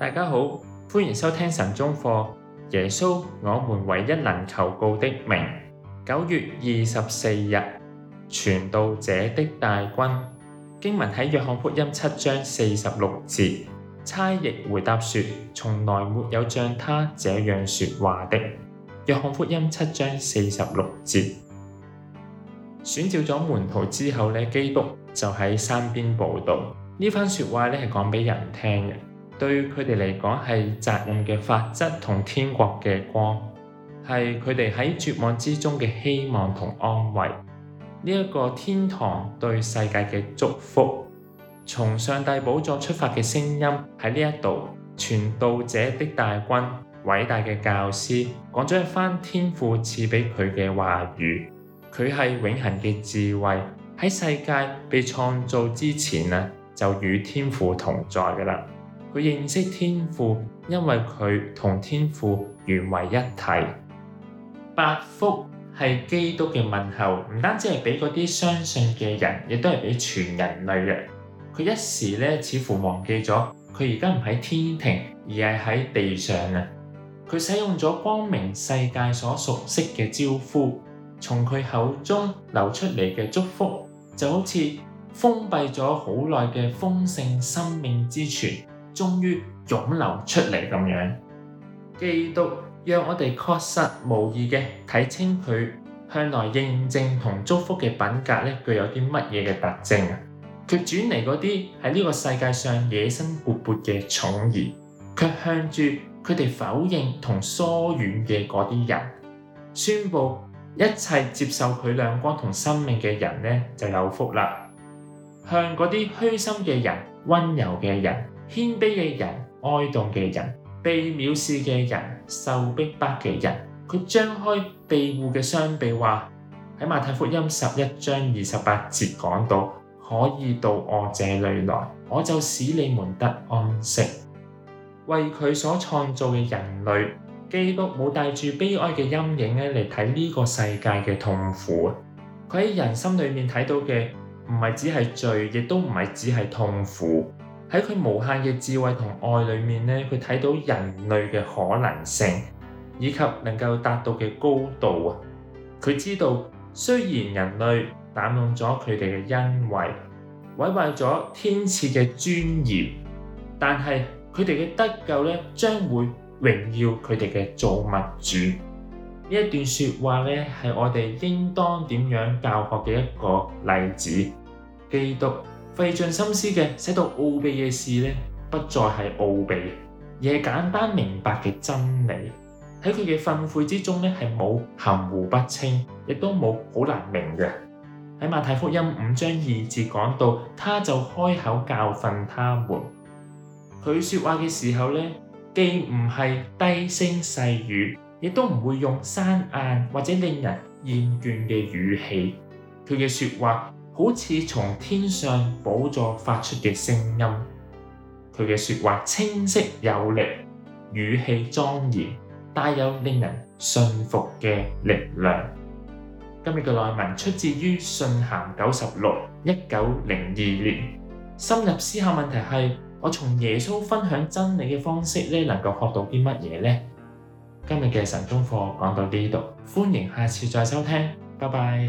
大家好，歡迎收聽神中課。耶穌，我們唯一能求告的名。九月二十四日，傳道者的大君。經文喺約翰福音七章四十六節。差役回答說，從來沒有像他這樣說話的。約翰福音七章四十六節。選召咗門徒之後呢，基督就喺山邊佈道。呢番說話咧係講俾人聽嘅。對佢哋嚟講係責任嘅法則同天國嘅光，係佢哋喺絕望之中嘅希望同安慰。呢、這、一個天堂對世界嘅祝福，從上帝寶座出發嘅聲音喺呢一度，傳道者的大君，偉大嘅教師講咗一番天父賜俾佢嘅話語。佢係永恆嘅智慧喺世界被創造之前就與天父同在噶啦。佢認識天父，因為佢同天父融為一體。八福係基督嘅問候，唔單止係俾嗰啲相信嘅人，亦都係俾全人類嘅。佢一時呢，似乎忘記咗佢而家唔喺天庭，而係喺地上啊！佢使用咗光明世界所熟悉嘅招呼，從佢口中流出嚟嘅祝福，就好似封閉咗好耐嘅豐盛生命之泉。終於湧流出嚟咁樣，基督讓我哋確實無意嘅睇清佢向來認證同祝福嘅品格咧，具有啲乜嘢嘅特徵啊？佢轉嚟嗰啲係呢個世界上野心勃勃嘅寵兒，卻向住佢哋否認同疏遠嘅嗰啲人，宣佈一切接受佢亮光同生命嘅人咧就有福啦。向嗰啲虛心嘅人、溫柔嘅人。謙卑嘅人、哀慟嘅人、被藐視嘅人、受逼迫嘅人，佢張開庇護嘅雙臂話：喺馬太福音十一章二十八節講到，可以到我這裏來，我就使你們得安息。為佢所創造嘅人類，基督冇帶住悲哀嘅陰影咧嚟睇呢個世界嘅痛苦。佢喺人心裏面睇到嘅，唔係只係罪，亦都唔係只係痛苦。喺佢無限嘅智慧同愛裏面咧，佢睇到人類嘅可能性以及能夠達到嘅高度啊！佢知道雖然人類濫用咗佢哋嘅恩惠，毀壞咗天賜嘅尊嚴，但係佢哋嘅得救咧將會榮耀佢哋嘅造物主。呢一段説話咧係我哋應當點樣教學嘅一個例子，基督。費盡心思嘅寫到奧秘嘅事咧，不再係奧秘，而係簡單明白嘅真理。喺佢嘅訓誨之中咧，係冇含糊不清，亦都冇好難明嘅。喺《馬太福音》五章二節講到，他就開口教訓他們。佢説話嘅時候咧，既唔係低聲細語，亦都唔會用生硬或者令人厭倦嘅語氣。佢嘅説話。好似從天上寶座發出嘅聲音，佢嘅說話清晰有力，語氣莊嚴，帶有令人信服嘅力量。今日嘅內文出自於信函九十六，一九零二年。深入思考問題係，我從耶穌分享真理嘅方式呢，能夠學到啲乜嘢呢？今日嘅晨鐘課講到呢度，歡迎下次再收聽，拜拜。